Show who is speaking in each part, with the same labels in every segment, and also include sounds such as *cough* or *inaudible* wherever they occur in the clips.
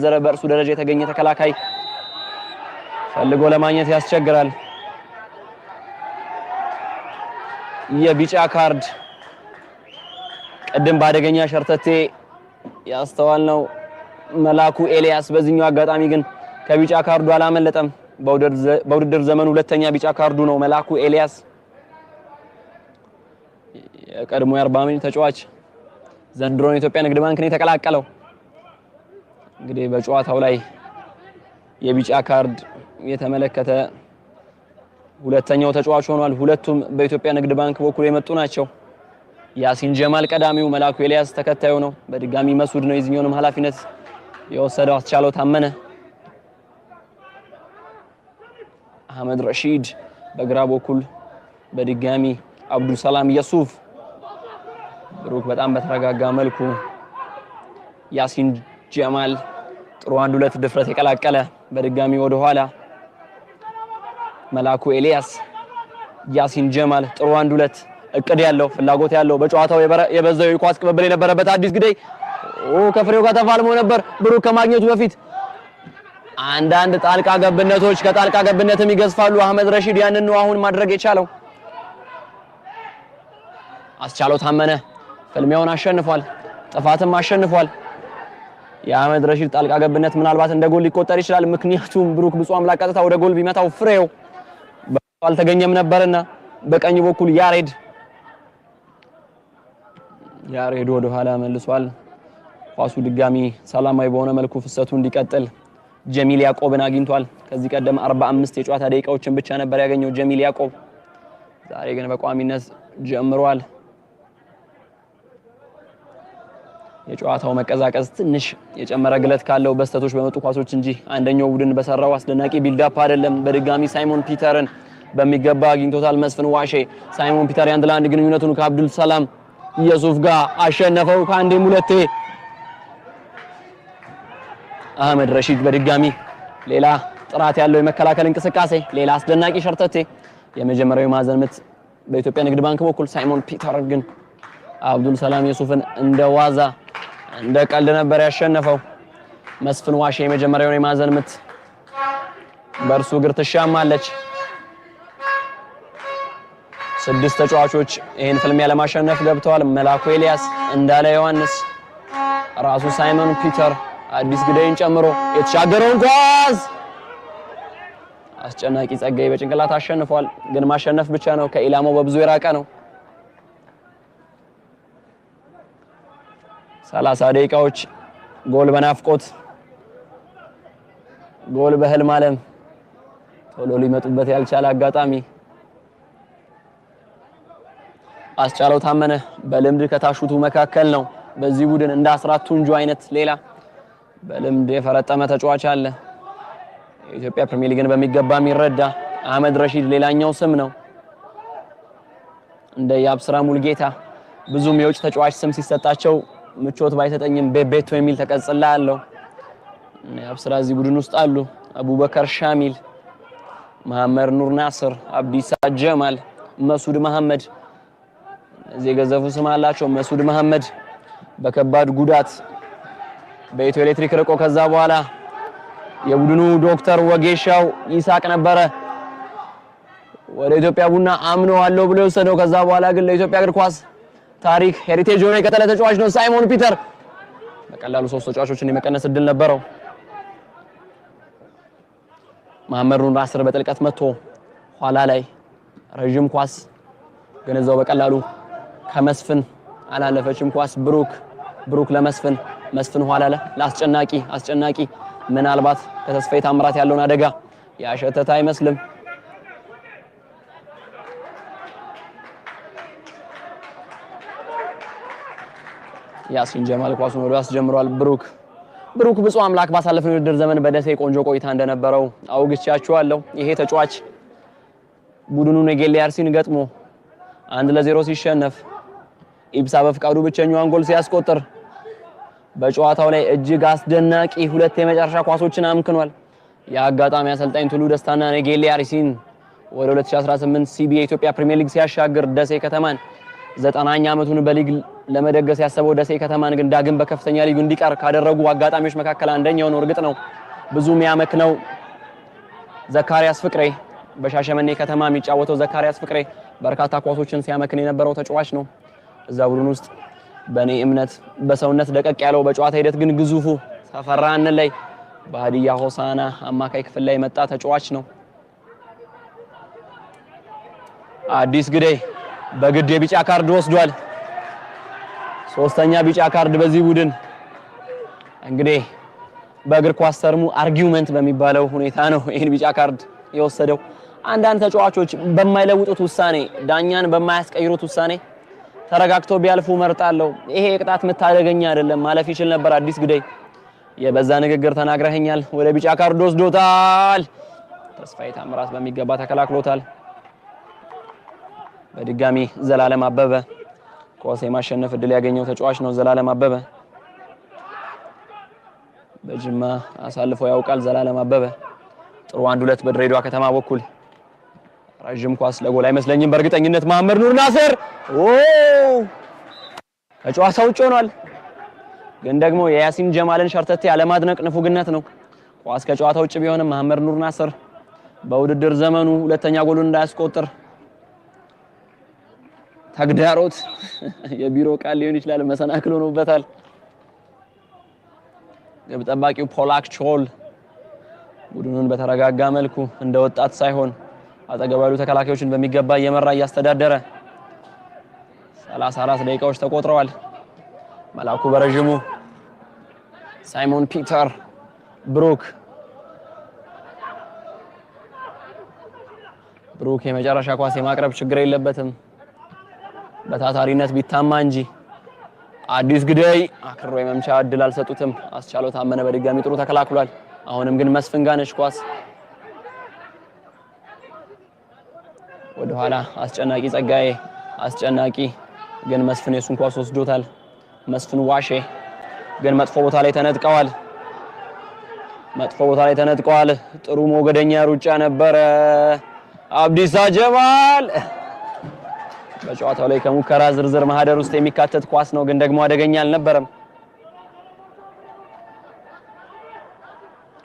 Speaker 1: ዘረ በእርሱ ደረጃ የተገኘ ተከላካይ ፈልጎ ለማግኘት ያስቸግራል። የቢጫ ካርድ ቅድም በአደገኛ ሸርተቴ ያስተዋል ነው መላኩ ኤልያስ። በዚህኛው አጋጣሚ ግን ከቢጫ ካርዱ አላመለጠም። በውድድር ዘመኑ ሁለተኛ ቢጫ ካርዱ ነው መላኩ ኤልያስ የቀድሞ የአርባ ምንጭ ተጫዋች ዘንድሮ የኢትዮጵያ ንግድ ባንክን የተቀላቀለው እንግዲህ በጨዋታው ላይ የቢጫ ካርድ የተመለከተ ሁለተኛው ተጫዋች ሆኗል። ሁለቱም በኢትዮጵያ ንግድ ባንክ በኩል የመጡ ናቸው። ያሲን ጀማል ቀዳሚው፣ መላኩ ኤልያስ ተከታዩ ነው። በድጋሚ መሱድ ነው የዚህኛውንም ኃላፊነት የወሰደው። አስቻለው ታመነ፣ አህመድ ረሺድ በግራ በኩል በድጋሚ አብዱል ሰላም የሱፍ፣ ብሩክ በጣም በተረጋጋ መልኩ ያሲን ጀማል ጥሩ አንድ ሁለት ድፍረት የቀላቀለ በድጋሚ ወደ ኋላ መላኩ ኤልያስ ያሲን ጀማል ጥሩ አንድ ሁለት እቅድ ያለው ፍላጎት ያለው በጨዋታው የበዛው የኳስ ቅብብል የነበረበት አዲስ ግደይ ኦ ከፍሬው ጋር ተፋልሞ ነበር። ብሩክ ከማግኘቱ በፊት አንዳንድ ጣልቃ ገብነቶች ከጣልቃ ገብነትም ይገዝፋሉ። አህመድ ረሺድ ያንን ነው አሁን ማድረግ የቻለው። አስቻለው ታመነ ፍልሚያውን አሸንፏል፣ ጥፋትም አሸንፏል። የአህመድ ረሺድ ጣልቃ ገብነት ምናልባት እንደ ጎል ሊቆጠር ይችላል። ምክንያቱም ብሩክ ብፁዕ አምላክ ቀጥታ ወደ ጎል ቢመታው ፍሬው አልተገኘም ነበርና በቀኝ በኩል ያሬድ ያሬድ ወደ ኋላ መልሷል። ኳሱ ድጋሚ ሰላማዊ በሆነ መልኩ ፍሰቱ እንዲቀጥል ጀሚል ያዕቆብን አግኝቷል። ከዚህ ቀደም 45 የጨዋታ ደቂቃዎችን ብቻ ነበር ያገኘው ጀሚል ያዕቆብ ዛሬ ግን በቋሚነት ጀምሯል። የጨዋታው መቀዛቀዝ ትንሽ የጨመረ ግለት ካለው በስተቶች በመጡ ኳሶች እንጂ አንደኛው ቡድን በሰራው አስደናቂ ቢልዳፕ አይደለም። በድጋሚ ሳይሞን ፒተርን በሚገባ አግኝቶታል መስፍን ዋሼ። ሳይሞን ፒተር የአንድ ለአንድ ግንኙነቱን ከአብዱል ሰላም ኢየሱፍ ጋር አሸነፈው። ከአንዴም ሁለቴ አህመድ ረሺድ በድጋሚ ሌላ ጥራት ያለው የመከላከል እንቅስቃሴ፣ ሌላ አስደናቂ ሸርተቴ። የመጀመሪያው ማዕዘን ምት በኢትዮጵያ ንግድ ባንክ በኩል ሳይሞን ፒተር ግን አብዱል ሰላም ኢየሱፍን እንደ ዋዛ እንደ ቀልድ ነበር ያሸነፈው። መስፍን ዋሼ የመጀመሪያውን የማዕዘን ምት በእርሱ እግር ትሻማለች። ስድስት ተጫዋቾች ይህን ፍልሚያ ለማሸነፍ ገብተዋል። መላኩ ኤልያስ፣ እንዳለ ዮሐንስ፣ ራሱ ሳይመን ፒተር፣ አዲስ ግደይን ጨምሮ የተሻገረውን ኳስ አስጨናቂ ጸጋይ በጭንቅላት አሸንፏል። ግን ማሸነፍ ብቻ ነው፣ ከኢላማው በብዙ የራቀ ነው። ሰላሳ ደቂቃዎች ጎል በናፍቆት ጎል በህልም አለም ቶሎ ሊመጡበት ያልቻለ አጋጣሚ አስቻለው ታመነ በልምድ ከታሹቱ መካከል ነው። በዚህ ቡድን እንደ አስራት ቱንጆ አይነት ሌላ በልምድ የፈረጠመ ተጫዋች አለ። የኢትዮጵያ ፕሪሚየር ሊግን በሚገባ የሚረዳ አህመድ ረሺድ ሌላኛው ስም ነው። እንደ የአብስራ ሙልጌታ ብዙም የውጭ ተጫዋች ስም ሲሰጣቸው ምቾት ባይሰጠኝም ቤቤቶ የሚል ተቀጽላ አለው። አብስራ እዚህ ቡድን ውስጥ አሉ። አቡበከር ሻሚል፣ መሐመድ ኑር ናስር፣ አብዲሳ ጀማል፣ መሱድ መሐመድ እዚህ የገዘፉ ስም አላቸው። መሱድ መሐመድ በከባድ ጉዳት በኢትዮ ኤሌክትሪክ ርቆ ከዛ በኋላ የቡድኑ ዶክተር ወጌሻው ይሳቅ ነበረ ወደ ኢትዮጵያ ቡና አምኖ አለው ብሎ የወሰደው። ከዛ በኋላ ግን ለኢትዮጵያ እግር ኳስ ታሪክ ሄሪቴጅ ሆኖ የቀጠለ ተጫዋች ነው። ሳይሞን ፒተር በቀላሉ ሶስት ተጫዋቾችን የመቀነስ እድል ነበረው። መሐመዱን አስር በጥልቀት መቶ ኋላ ላይ ረዥም ኳስ ግን እዛው በቀላሉ ከመስፍን አላለፈችም። ኳስ ብሩክ ብሩክ ለመስፍን መስፍን ኋላ ላይ ለአስጨናቂ አስጨናቂ ምናልባት ከተስፋዬ ታምራት ያለውን አደጋ ያሸተተ አይመስልም። ያሲን ጀማል ኳሱን ወደ አስጀምሯል። ብሩክ ብሩክ ብፁዕ አምላክ ባሳለፍነው ውድድር ዘመን በደሴ ቆንጆ ቆይታ እንደነበረው አውግቻችኋለሁ። ይሄ ተጫዋች ቡድኑ የጌሌ ያርሲን ገጥሞ አንድ ለዜሮ ሲሸነፍ ኢብሳ በፍቃዱ ብቸኛዋን ጎል ሲያስቆጥር በጨዋታው ላይ እጅግ አስደናቂ ሁለት የመጨረሻ ኳሶችን አምክኗል። የአጋጣሚ አሰልጣኝ ቱሉ ደስታና ኔጌሌ አርሲን ወደ 2018 ሲቢ የኢትዮጵያ ፕሪሚየር ሊግ ሲያሻግር ደሴ ከተማን ዘጠናኛ ዓመቱን በሊግ ለመደገስ ያሰበው ደሴ ከተማን ግን ዳግም በከፍተኛ ልዩ እንዲቀር ካደረጉ አጋጣሚዎች መካከል አንደኛው ነው። እርግጥ ነው ብዙ ነው። ዘካሪያስ ፍቅሬ በሻሸመኔ ከተማ የሚጫወተው ዘካሪያስ ፍቅሬ በርካታ ኳሶችን ሲያመክን የነበረው ተጫዋች ነው እዛ ቡድን ውስጥ። በእኔ እምነት በሰውነት ደቀቅ ያለው በጨዋታ ሂደት ግን ግዙፉ ተፈራን ላይ በሀዲያ ሆሳና አማካይ ክፍል ላይ መጣ ተጫዋች ነው። አዲስ ግዴ በግድ የቢጫ ካርድ ወስዷል። ሶስተኛ ቢጫ ካርድ በዚህ ቡድን እንግዲህ በእግር ኳስ ተርሙ አርጊውመንት በሚባለው ሁኔታ ነው ይህን ቢጫ ካርድ የወሰደው። አንዳንድ ተጫዋቾች በማይለውጡት ውሳኔ፣ ዳኛን በማያስቀይሩት ውሳኔ ተረጋግተው ቢያልፉ መርጣለሁ። ይሄ የቅጣት ምት አይደለም፣ ማለፍ ይችል ነበር። አዲስ ግደይ የበዛ ንግግር ተናግረኸኛል። ወደ ቢጫ ካርድ ወስዶታል። ተስፋዬ ታምራት በሚገባ ተከላክሎታል። በድጋሚ ዘላለም አበበ ኳስ የማሸነፍ እድል ያገኘው ተጫዋች ነው ዘላለም አበበ። በጅማ አሳልፎ ያውቃል ዘላለም አበበ። ጥሩ አንድ ሁለት በድሬዳዋ ከተማ በኩል ረዥም ኳስ ለጎል አይመስለኝም። በእርግጠኝነት መሐመድ ኑር ናስር ኦ ከጨዋታ ውጭ ሆኗል። ግን ደግሞ የያሲን ጀማልን ሸርተቴ ያለማድነቅ ንፉግነት ነው። ኳስ ከጨዋታ ውጭ ቢሆንም መሐመድ ኑር ናስር በውድድር ዘመኑ ሁለተኛ ጎሉን እንዳያስቆጥር ተግዳሮት የቢሮ ቃል ሊሆን ይችላል፣ መሰናክል ሆኖበታል። ግብ ጠባቂው ፖላክ ቾል ቡድኑን በተረጋጋ መልኩ እንደ ወጣት ሳይሆን አጠገቡ ያሉ ተከላካዮችን በሚገባ እየመራ እያስተዳደረ 34 ደቂቃዎች ተቆጥረዋል። መላኩ በረዥሙ ሳይሞን ፒተር ብሩክ ብሩክ የመጨረሻ ኳስ የማቅረብ ችግር የለበትም። በታታሪነት ቢታማ እንጂ አዲስ ግደይ አክሮ የመምቻ እድል አልሰጡትም። አስቻለው ታመነ በድጋሚ ጥሩ ተከላክሏል። አሁንም ግን መስፍን ጋነሽ ኳስ ወደኋላ አስጨናቂ ጸጋዬ አስጨናቂ ግን መስፍን የሱን ኳስ ወስዶታል። መስፍን ዋሼ ግን መጥፎ ቦታ ላይ ተነጥቀዋል። መጥፎ ቦታ ላይ ተነጥቀዋል። ጥሩ ሞገደኛ ሩጫ ነበረ። አብዲሳ ጀማል በጨዋታው ላይ ከሙከራ ዝርዝር ማህደር ውስጥ የሚካተት ኳስ ነው፣ ግን ደግሞ አደገኛ አልነበረም።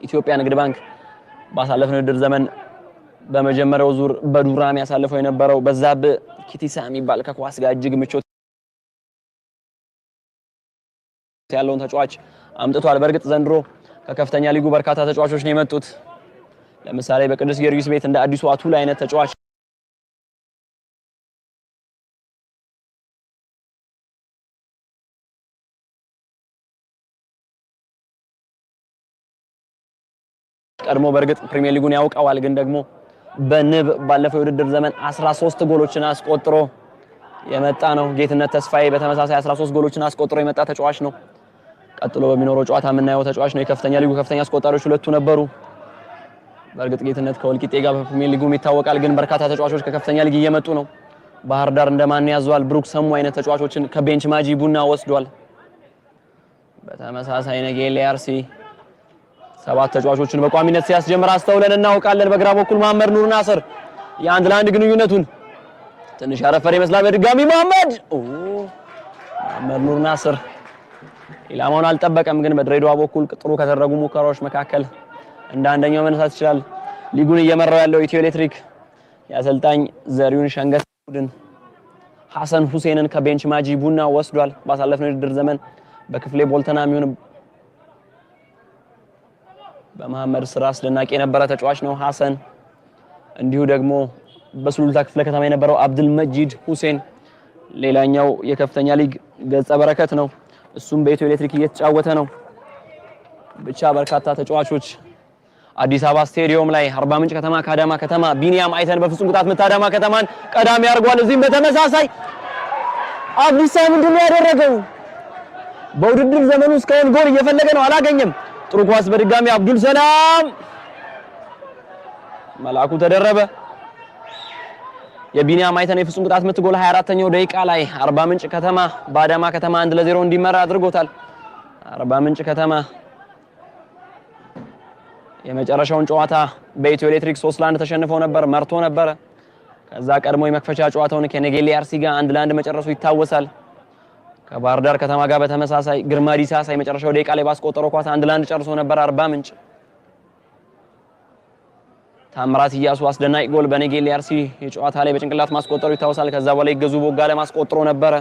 Speaker 1: ኢትዮጵያ ንግድ ባንክ ባሳለፍነው ውድድር ዘመን በመጀመሪያው ዙር በዱራም ያሳለፈው የነበረው በዛብ ኪቲሳ የሚባል ከኳስ ጋር እጅግ ምቾት ያለውን ተጫዋች አምጥቷል። በእርግጥ ዘንድሮ ከከፍተኛ ሊጉ በርካታ ተጫዋቾች ነው የመጡት። ለምሳሌ በቅዱስ ጊዮርጊስ ቤት እንደ አዲሱ አቱላ አይነት ተጫዋች ቀድሞ በእርግጥ ፕሪሚየር ሊጉን ያውቀዋል፣ ግን ደግሞ በንብ ባለፈው የውድድር ዘመን 13 ጎሎችን አስቆጥሮ የመጣ ነው። ጌትነት ተስፋዬ በተመሳሳይ 13 ጎሎችን አስቆጥሮ የመጣ ተጫዋች ነው። ቀጥሎ በሚኖረው ጨዋታ የምናየው ተጫዋች ነው። የከፍተኛ ሊጉ ከፍተኛ አስቆጣሪዎች ሁለቱ ነበሩ። በእርግጥ ጌትነት ከወልቂጤ ጋር በፕሪሚየር ሊጉም ይታወቃል፣ ግን በርካታ ተጫዋቾች ከከፍተኛ ሊግ እየመጡ ነው። ባህር ዳር እንደማን ያዟል። ብሩክ ሰሙ አይነት ተጫዋቾችን ከቤንች ማጂ ቡና ወስዷል። በተመሳሳይ ነገ ኤልአርሲ ሰባት ተጫዋቾችን በቋሚነት ሲያስጀምር አስተውለን እናውቃለን። በግራ በኩል መሐመድ ኑር ናስር የአንድ ለአንድ ግንኙነቱን ትንሽ ያረፈረ ይመስላል። በድጋሚ መሐመድ መሐመድ ኑር ናስር ኢላማውን አልጠበቀም። ግን በድሬዳዋ በኩል ጥሩ ከተደረጉ ሙከራዎች መካከል እንደ አንደኛው መነሳት ይችላል። ሊጉን እየመራው ያለው ኢትዮ ኤሌክትሪክ የአሰልጣኝ ዘሪሁን ሸንገስ ቡድን ሐሰን ሁሴንን ከቤንች ማጂ ቡና ወስዷል። ባሳለፍነው የውድድር ዘመን በክፍሌ ቦልተና የሚሆን በመሐመድ ስራ አስደናቂ የነበረ ተጫዋች ነው ሐሰን። እንዲሁ ደግሞ በሱሉልታ ክፍለ ከተማ የነበረው አብድል መጂድ ሁሴን ሌላኛው የከፍተኛ ሊግ ገጸ በረከት ነው። እሱም በኢትዮ ኤሌክትሪክ እየተጫወተ ነው። ብቻ በርካታ ተጫዋቾች አዲስ አበባ ስቴዲየም ላይ አርባ ምንጭ ከተማ ከአዳማ ከተማ ቢኒያም አይተን በፍጹም ቅጣት ምት አዳማ ከተማን ቀዳሚ አድርጓል። እዚህም በተመሳሳይ አብዲሳ ምንድነው ያደረገው? በውድድር ዘመኑ እስካሁን ጎል እየፈለገ ነው፣ አላገኘም። ጥሩ ኳስ በድጋሚ አብዱል ሰላም መልአኩ ተደረበ። የቢኒያም አይተን የፍጹም ቅጣት ምት ጎል 24ኛው ደቂቃ ላይ አርባ ምንጭ ከተማ በአዳማ ከተማ 1 ለ0 እንዲመራ አድርጎታል። አርባ ምንጭ ከተማ የመጨረሻውን ጨዋታ በኢትዮ ኤሌክትሪክ 3 ለ1 ተሸንፎ ነበር፣ መርቶ ነበረ። ከዛ ቀድሞ የመክፈቻ ጨዋታውን ከነጌሌ አርሲ ጋር አንድ ለአንድ መጨረሱ ይታወሳል። ከባህር ዳር ከተማ ጋር በተመሳሳይ ግርማ ዲሳሳ የመጨረሻው ደቂቃ ላይ ባስቆጠረው ኳስ አንድ ለአንድ ጨርሶ ነበር አርባ ምንጭ። ታምራት እያሱ አስደናቂ ጎል በነጌሌ አርሲ የጨዋታ ላይ በጭንቅላት ማስቆጠሩ ይታወሳል። ከዛ በኋላ ይገዙ ቦጋለ ማስቆጥሮ ነበረ።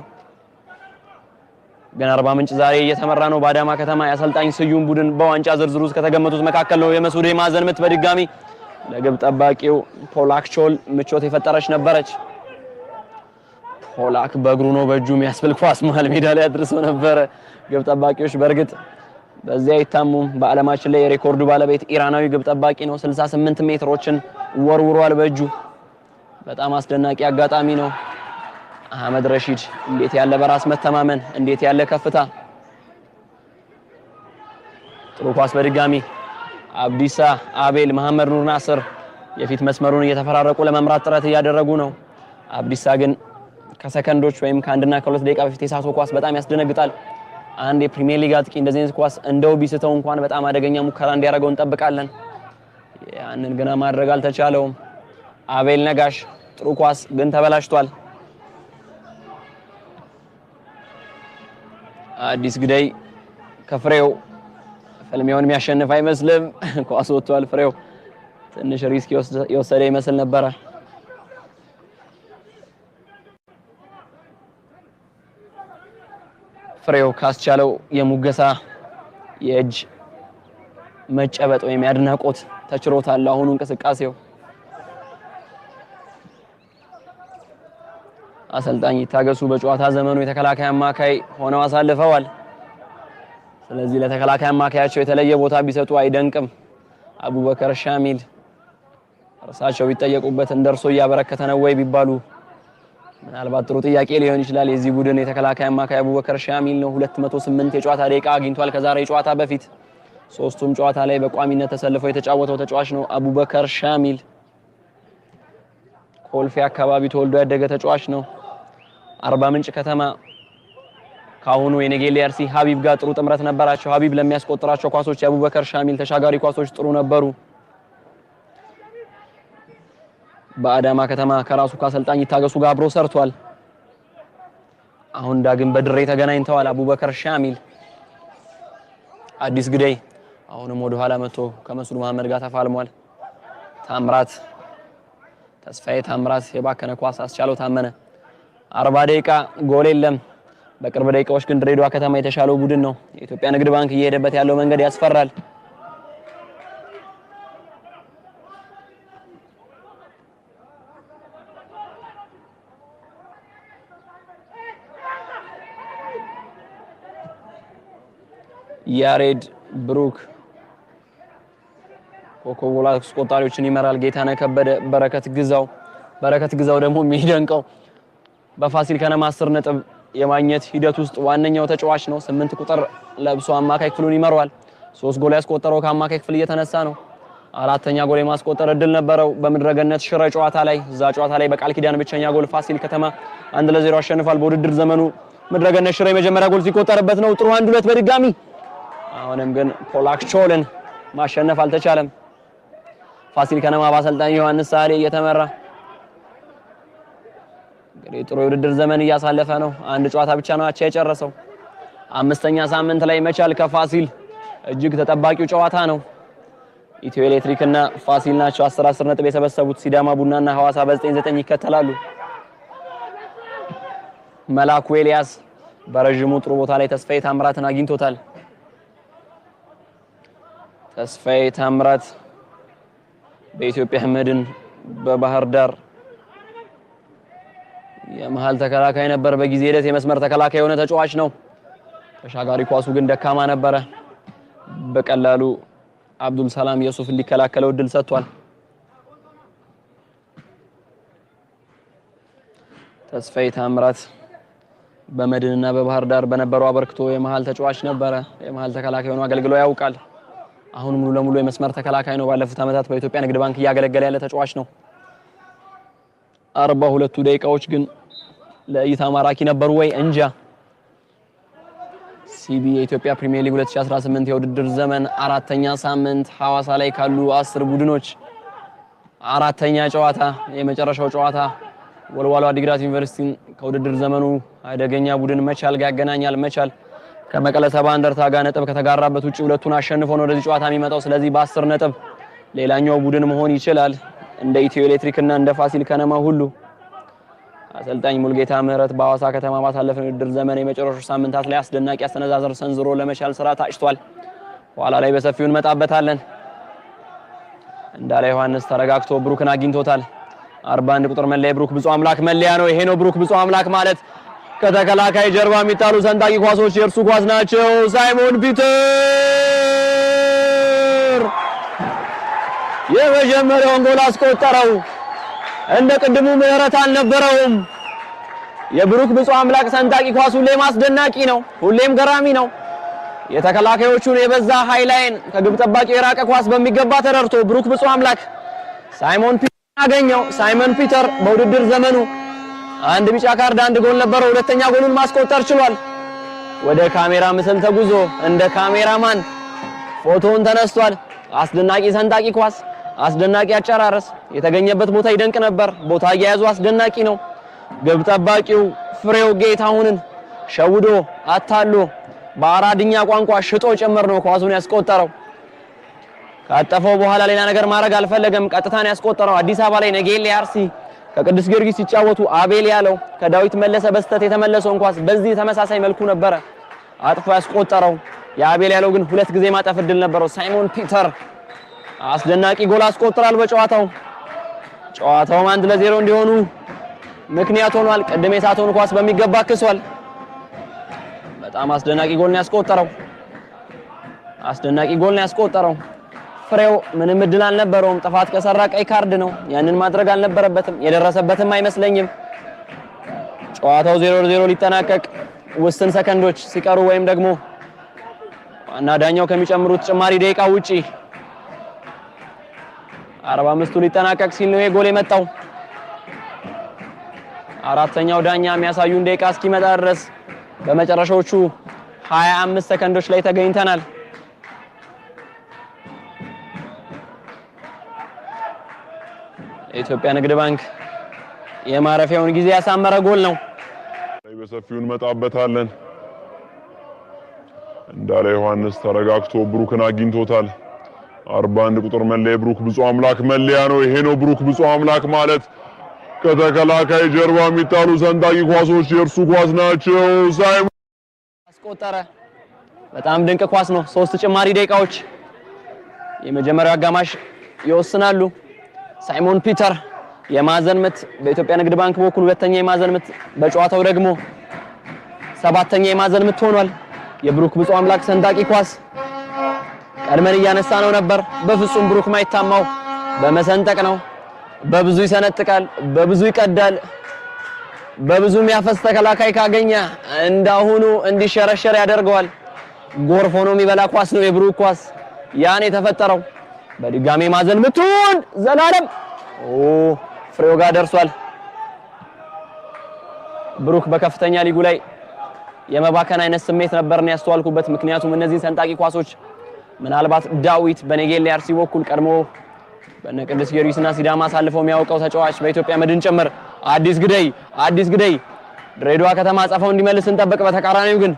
Speaker 1: ግን አርባ ምንጭ ዛሬ እየተመራ ነው በአዳማ ከተማ። የአሰልጣኝ ስዩም ቡድን በዋንጫ ዝርዝር ውስጥ ከተገመቱት መካከል ነው። የመስዑድ ማዘን ምት በድጋሚ ለግብ ጠባቂው ፖላክቾል ምቾት የፈጠረች ነበረች። ሆላክ በእግሩ ነው በእጁ የሚያስብል ኳስ መሃል ሜዳ ላይ አድርሶ ነበረ። ግብ ጠባቂዎች በእርግጥ በዚያ አይታሙም። በዓለማችን ላይ የሬኮርዱ ባለቤት ኢራናዊ ግብ ጠባቂ ነው። 68 ሜትሮችን ወርውሯል በእጁ። በጣም አስደናቂ አጋጣሚ ነው። አህመድ ረሺድ እንዴት ያለ በራስ መተማመን፣ እንዴት ያለ ከፍታ! ጥሩ ኳስ በድጋሚ አብዲሳ፣ አቤል፣ መሐመድ ኑር ናስር የፊት መስመሩን እየተፈራረቁ ለመምራት ጥረት እያደረጉ ነው። አብዲሳ ግን ከሰከንዶች ወይም ከአንድና ከሁለት ደቂቃ በፊት የሳቶ ኳስ በጣም ያስደነግጣል። አንድ የፕሪሚየር ሊግ አጥቂ እንደዚህ አይነት ኳስ እንደው ቢስተው እንኳን በጣም አደገኛ ሙከራ እንዲያደርገው እንጠብቃለን። ያንን ገና ማድረግ አልተቻለውም። አቤል ነጋሽ ጥሩ ኳስ ግን ተበላሽቷል። አዲስ ግዳይ ከፍሬው ፍልሚያውን የሚያሸንፍ አይመስልም። *laughs* ኳስ ወጥቷል። ፍሬው ትንሽ ሪስክ የወሰደ ይመስል ነበረ። ፍሬው ካስቻለው የሙገሳ የእጅ መጨበጥ ወይም ያድናቆት ተችሮታል። አሁኑ እንቅስቃሴው አሰልጣኝ ይታገሱ በጨዋታ ዘመኑ የተከላካይ አማካይ ሆነው አሳልፈዋል። ስለዚህ ለተከላካይ አማካያቸው የተለየ ቦታ ቢሰጡ አይደንቅም። አቡበከር ሻሚል እርሳቸው ቢጠየቁበት እንደርሶ እያበረከተ ነው ወይ ቢባሉ ምናልባት ጥሩ ጥያቄ ሊሆን ይችላል። የዚህ ቡድን የተከላካይ አማካይ አቡበከር ሻሚል ነው። 208 የጨዋታ ደቂቃ አግኝቷል። ከዛሬ ጨዋታ በፊት ሶስቱም ጨዋታ ላይ በቋሚነት ተሰልፈው የተጫወተው ተጫዋች ነው አቡበከር ሻሚል። ኮልፌ አካባቢ ተወልዶ ያደገ ተጫዋች ነው። አርባ ምንጭ ከተማ ካሁኑ የነጌሌ አርሲ ሀቢብ ጋር ጥሩ ጥምረት ነበራቸው። ሀቢብ ለሚያስቆጥራቸው ኳሶች የአቡበከር ሻሚል ተሻጋሪ ኳሶች ጥሩ ነበሩ። በአዳማ ከተማ ከራሱ ከአሰልጣኝ ይታገሱ ጋር አብሮ ሰርቷል። አሁን ዳግም በድሬ ተገናኝተዋል። አቡበከር ሻሚል አዲስ ግደይ አሁንም ወደ ኋላ መጥቶ ከመስሉ መሐመድ ጋር ተፋልሟል። ታምራት ተስፋዬ ታምራት የባከነ ኳስ አስቻለው ታመነ። አርባ ደቂቃ ጎል የለም። በቅርብ ደቂቃዎች ግን ድሬዳዋ ከተማ የተሻለው ቡድን ነው። የኢትዮጵያ ንግድ ባንክ እየሄደበት ያለው መንገድ ያስፈራል። ያሬድ ብሩክ ኮከቦላ አስቆጣሪዎችን ይመራል። ጌታነህ ከበደ፣ በረከት ግዛው። በረከት ግዛው ደግሞ የሚደንቀው በፋሲል ከነማ አስር ነጥብ የማግኘት ሂደት ውስጥ ዋነኛው ተጫዋች ነው። ስምንት ቁጥር ለብሶ አማካይ ክፍሉን ይመራዋል። ሶስት ጎል ያስቆጠረው ከአማካይ ክፍል እየተነሳ ነው። አራተኛ ጎል የማስቆጠር እድል ነበረው በምድረገነት ሽረ ጨዋታ ላይ። እዛ ጨዋታ ላይ በቃል ኪዳን ብቸኛ ጎል ፋሲል ከተማ አንድ ለዜሮ አሸንፏል። በውድድር ዘመኑ ምድረገነት ሽረ የመጀመሪያ ጎል ሲቆጠርበት ነው። ጥሩ አንድ ሁለት በድጋሚ አሁንም ግን ፖላክ ቾልን ማሸነፍ አልተቻለም። ፋሲል ከነማ በአሰልጣኝ ዮሐንስ ሳሌ እየተመራ እንግዲህ ጥሩ የውድድር ዘመን እያሳለፈ ነው። አንድ ጨዋታ ብቻ ነው አቻ የጨረሰው። አምስተኛ ሳምንት ላይ መቻል ከፋሲል እጅግ ተጠባቂው ጨዋታ ነው። ኢትዮ ኤሌክትሪክ እና ፋሲል ናቸው 10 10 ነጥብ የሰበሰቡት። ሲዳማ ቡና እና ሐዋሳ በ9 9 ይከተላሉ። መላኩ ኤልያስ በረዥሙ ጥሩ ቦታ ላይ ተስፋዬ ታምራትን አግኝቶታል። ተስፋዬ ታምራት በኢትዮጵያ መድን በባህር ዳር የመሃል ተከላካይ ነበር። በጊዜ ሂደት የመስመር ተከላካይ የሆነ ተጫዋች ነው። ተሻጋሪ ኳሱ ግን ደካማ ነበረ። በቀላሉ አብዱል ሰላም የሱፍ እንዲከላከለው እድል ሰጥቷል። ተስፋዬ ታምራት በመድንና በባህር ዳር በነበረው አበርክቶ የመሃል ተጫዋች ነበረ። የመሃል ተከላካይ ሆኖ አገልግሎ ያውቃል። አሁን ሙሉ ለሙሉ የመስመር ተከላካይ ነው። ባለፉት ዓመታት በኢትዮጵያ ንግድ ባንክ እያገለገለ ያለ ተጫዋች ነው። አርባ ሁለቱ ደቂቃዎች ግን ለእይታ ማራኪ ነበሩ ወይ እንጃ። ሲቢ የኢትዮጵያ ፕሪሚየር ሊግ 2018 የውድድር ዘመን አራተኛ ሳምንት ሐዋሳ ላይ ካሉ አስር ቡድኖች አራተኛ ጨዋታ የመጨረሻው ጨዋታ ወልዋሎ ዓዲግራት ዩኒቨርሲቲን ከውድድር ዘመኑ አደገኛ ቡድን መቻል ጋር ያገናኛል። መቻል ከመቀለ ሰባ እንደርታ ጋር ነጥብ ከተጋራበት ውጪ ሁለቱን አሸንፎ ነው ወደዚህ ጨዋታ የሚመጣው። ስለዚህ በአስር ነጥብ ሌላኛው ቡድን መሆን ይችላል። እንደ ኢትዮ ኤሌክትሪክ እና እንደ ፋሲል ከነማ ሁሉ አሰልጣኝ ሙልጌታ ምህረት በሐዋሳ ከተማ ባሳለፈው የውድድር ዘመን የመጨረሻ ሳምንታት ላይ አስደናቂ አስተነዛዘር ሰንዝሮ ለመቻል ስራ ታጭቷል። ኋላ ላይ በሰፊው እንመጣበታለን። እንዳለ ዮሐንስ ተረጋግቶ ብሩክን አግኝቶታል። 41 ቁጥር መለያ ብሩክ ብፁዕ አምላክ መለያ ነው። ይሄ ነው ብሩክ ብፁዕ አምላክ ማለት ከተከላካይ ጀርባ የሚጣሉ ሰንጣቂ ኳሶች የእርሱ ኳስ ናቸው። ሳይሞን ፒተር የመጀመሪያውን ጎል አስቆጠረው። እንደ ቅድሙ ምህረት አልነበረውም። የብሩክ ብፁዕ አምላክ ሰንጣቂ ኳስ ሁሌም አስደናቂ ነው፣ ሁሌም ገራሚ ነው። የተከላካዮቹን የበዛ ሃይላይን ከግብ ጠባቂ የራቀ ኳስ በሚገባ ተረድቶ ብሩክ ብፁዕ አምላክ ሳይሞን ፒተር አገኘው። ሳይሞን ፒተር በውድድር ዘመኑ አንድ ቢጫ ካርድ አንድ ጎል ነበረው። ሁለተኛ ጎሉን ማስቆጠር ችሏል። ወደ ካሜራ ምስል ተጉዞ እንደ ካሜራማን ፎቶውን ተነስቷል። አስደናቂ ሰንጣቂ ኳስ፣ አስደናቂ አጨራረስ፣ የተገኘበት ቦታ ይደንቅ ነበር። ቦታ አያያዙ አስደናቂ ነው። ግብ ጠባቂው ፍሬው ጌታሁንን ሸውዶ አታሎ በአራድኛ ቋንቋ ሽጦ ጭምር ነው ኳሱን ያስቆጠረው። ካጠፈው በኋላ ሌላ ነገር ማድረግ አልፈለገም። ቀጥታን ያስቆጠረው። አዲስ አበባ ላይ ነገሌ አርሲ ከቅዱስ ጊዮርጊስ ሲጫወቱ አቤል ያለው ከዳዊት መለሰ በስተት የተመለሰው ኳስ በዚህ ተመሳሳይ መልኩ ነበረ አጥፎ ያስቆጠረው። የአቤል ያለው ግን ሁለት ጊዜ ማጠፍ እድል ነበረው። ሳይሞን ፒተር አስደናቂ ጎል አስቆጥራል። በጨዋታው። ጨዋታውም አንድ ለዜሮ እንዲሆኑ ምክንያት ሆኗል። ቅድም የሳተውን ኳስ በሚገባ ክሷል። በጣም አስደናቂ ጎል ነው ያስቆጠረው። አስደናቂ ጎል ነው ያስቆጠረው። ፍሬው ምንም እድል አልነበረውም። ጥፋት ከሰራ ቀይ ካርድ ነው። ያንን ማድረግ አልነበረበትም። የደረሰበትም አይመስለኝም። ጨዋታው ዜሮ ዜሮ ሊጠናቀቅ ውስን ሰከንዶች ሲቀሩ ወይም ደግሞ ዋና ዳኛው ከሚጨምሩት ጭማሪ ደቂቃ ውጪ 45ቱ ሊጠናቀቅ ሲል ነው የጎል የመጣው። አራተኛው ዳኛ የሚያሳዩን ደቂቃ እስኪመጣ ድረስ በመጨረሻዎቹ 25 ሰከንዶች ላይ ተገኝተናል። የኢትዮጵያ ንግድ ባንክ የማረፊያውን ጊዜ ያሳመረ ጎል ነው።
Speaker 2: በሰፊው እንመጣበታለን። እንዳለ ዮሐንስ ተረጋግቶ ብሩክን አግኝቶታል። 41 ቁጥር መለያ ብሩክ ብፁዕ አምላክ መለያ ነው። ይሄ ነው ብሩክ ብፁዕ አምላክ ማለት። ከተከላካይ ጀርባ የሚጣሉ ሰንጣቂ ኳሶች የእርሱ ኳስ ናቸው። ሳይሞን አስቆጠረ።
Speaker 1: በጣም ድንቅ ኳስ ነው። ሶስት ጭማሪ ደቂቃዎች የመጀመሪያው አጋማሽ ይወስናሉ። ሳይሞን ፒተር የማዕዘን ምት በኢትዮጵያ ንግድ ባንክ በኩል ሁለተኛ የማዕዘን ምት በጨዋታው ደግሞ ሰባተኛ የማዕዘን ምት ሆኗል። የብሩክ ብፁዕ አምላክ ሰንጣቂ ኳስ ቀድመን እያነሳ ነው ነበር። በፍጹም ብሩክ ማይታማው በመሰንጠቅ ነው። በብዙ ይሰነጥቃል፣ በብዙ ይቀዳል፣ በብዙ የሚያፈስ ተከላካይ ካገኘ እንዳሁኑ እንዲሸረሸር ያደርገዋል። ጎርፍ ሆኖ የሚበላ ኳስ ነው የብሩክ ኳስ። ያን የተፈጠረው በድጋሜ ማዘን ምቱን ዘላለም ኦ ፍሬው ጋር ደርሷል። ብሩክ በከፍተኛ ሊጉ ላይ የመባከን አይነት ስሜት ነበርን ያስተዋልኩበት። ምክንያቱም እነዚህን ሰንጣቂ ኳሶች ምናልባት ዳዊት በነጌሌ አርሲ በኩል ቀድሞ በነ ቅዱስ ጊዮርጊስና ሲዳማ አሳልፈው የሚያውቀው ተጫዋች በኢትዮጵያ መድን ጭምር አዲስ ግደይ አዲስ ግደይ ድሬዳዋ ከተማ አጸፋው እንዲመልስ እንጠብቅ። በተቃራኒው ግን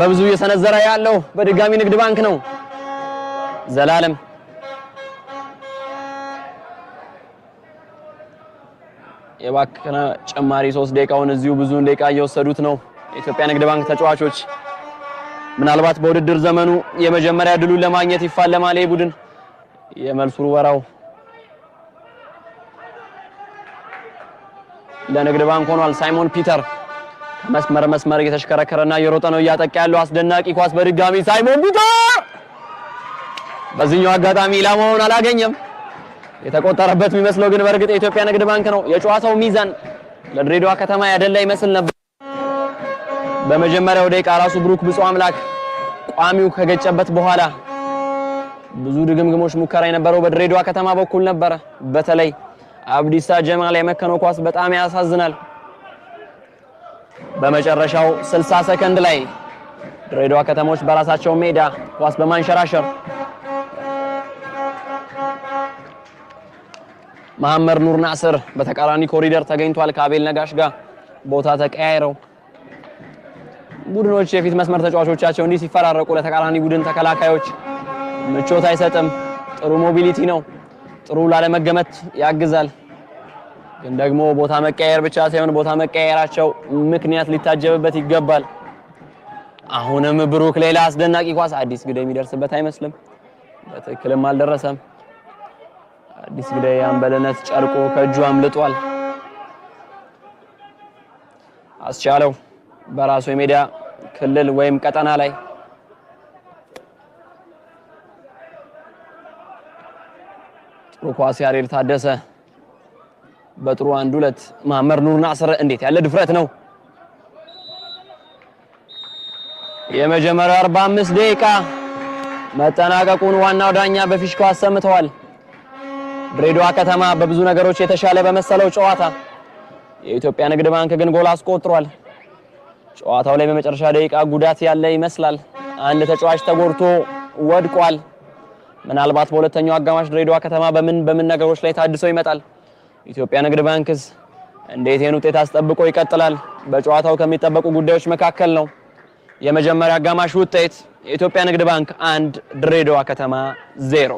Speaker 1: በብዙ እየሰነዘረ ያለው በድጋሚ ንግድ ባንክ ነው። ዘላለም የባክነ ጭማሪ ሶስት ደቂቃውን እዚሁ ብዙ ደቂቃ እየወሰዱት ነው የኢትዮጵያ ንግድ ባንክ ተጫዋቾች። ምናልባት በውድድር ዘመኑ የመጀመሪያ ድሉን ለማግኘት ይፋለማል ይህ ቡድን። የመልሱ ወራው ለንግድ ባንክ ሆኗል። ሳይሞን ፒተር ከመስመር መስመር እየተሽከረከረና እየሮጠ ነው እያጠቃ ያለው አስደናቂ ኳስ። በድጋሚ ሳይሞን ፒተር በዚህኛው አጋጣሚ ኢላማውን አላገኘም። የተቆጠረበት የሚመስለው ግን በእርግጥ የኢትዮጵያ ንግድ ባንክ ነው። የጨዋታው ሚዛን ለድሬዳዋ ከተማ ያደላ ይመስል ነበር። በመጀመሪያው ደቂቃ ራሱ ብሩክ ብፁዕ አምላክ ቋሚው ከገጨበት በኋላ ብዙ ድግምግሞች ሙከራ የነበረው በድሬዳዋ ከተማ በኩል ነበረ። በተለይ አብዲሳ ጀማል የመከነው ኳስ በጣም ያሳዝናል። በመጨረሻው 60 ሰከንድ ላይ ድሬዳዋ ከተሞች በራሳቸው ሜዳ ኳስ በማንሸራሸር መሐመድ ኑር ናስር በተቃራኒ ኮሪደር ተገኝቷል። ከአቤል ነጋሽ ጋር ቦታ ተቀያይረው ቡድኖች የፊት መስመር ተጫዋቾቻቸው እንዲህ ሲፈራረቁ ለተቃራኒ ቡድን ተከላካዮች ምቾት አይሰጥም። ጥሩ ሞቢሊቲ ነው፣ ጥሩ ላለመገመት ያግዛል። ግን ደግሞ ቦታ መቀያየር ብቻ ሳይሆን ቦታ መቀያየራቸው ምክንያት ሊታጀብበት ይገባል። አሁንም ብሩክ ሌላ አስደናቂ ኳስ፣ አዲስ ግደ የሚደርስበት አይመስልም። በትክክልም አልደረሰም። አዲስ ግዳይ አንበለነት ጨርቆ ከእጁ አምልጧል። አስቻለው በራሱ የሜዳ ክልል ወይም ቀጠና ላይ ጥሩ ኳስ ያሬድ ታደሰ በጥሩ አንድ ሁለት ማመር ኑር ናስር እንዴት ያለ ድፍረት ነው! የመጀመሪያው 45 ደቂቃ መጠናቀቁን ዋናው ዳኛ በፊሽካው አሰምተዋል። ድሬዳዋ ከተማ በብዙ ነገሮች የተሻለ በመሰለው ጨዋታ የኢትዮጵያ ንግድ ባንክ ግን ጎል አስቆጥሯል። ጨዋታው ላይ በመጨረሻ ደቂቃ ጉዳት ያለ ይመስላል። አንድ ተጫዋች ተጎድቶ ወድቋል። ምናልባት በሁለተኛው አጋማሽ ድሬዳዋ ከተማ በምን በምን ነገሮች ላይ ታድሶ ይመጣል? ኢትዮጵያ ንግድ ባንክስ እንዴት ይህን ውጤት አስጠብቆ ይቀጥላል? በጨዋታው ከሚጠበቁ ጉዳዮች መካከል ነው። የመጀመሪያ አጋማሽ ውጤት የኢትዮጵያ ንግድ ባንክ አንድ ድሬዳዋ ከተማ ዜሮ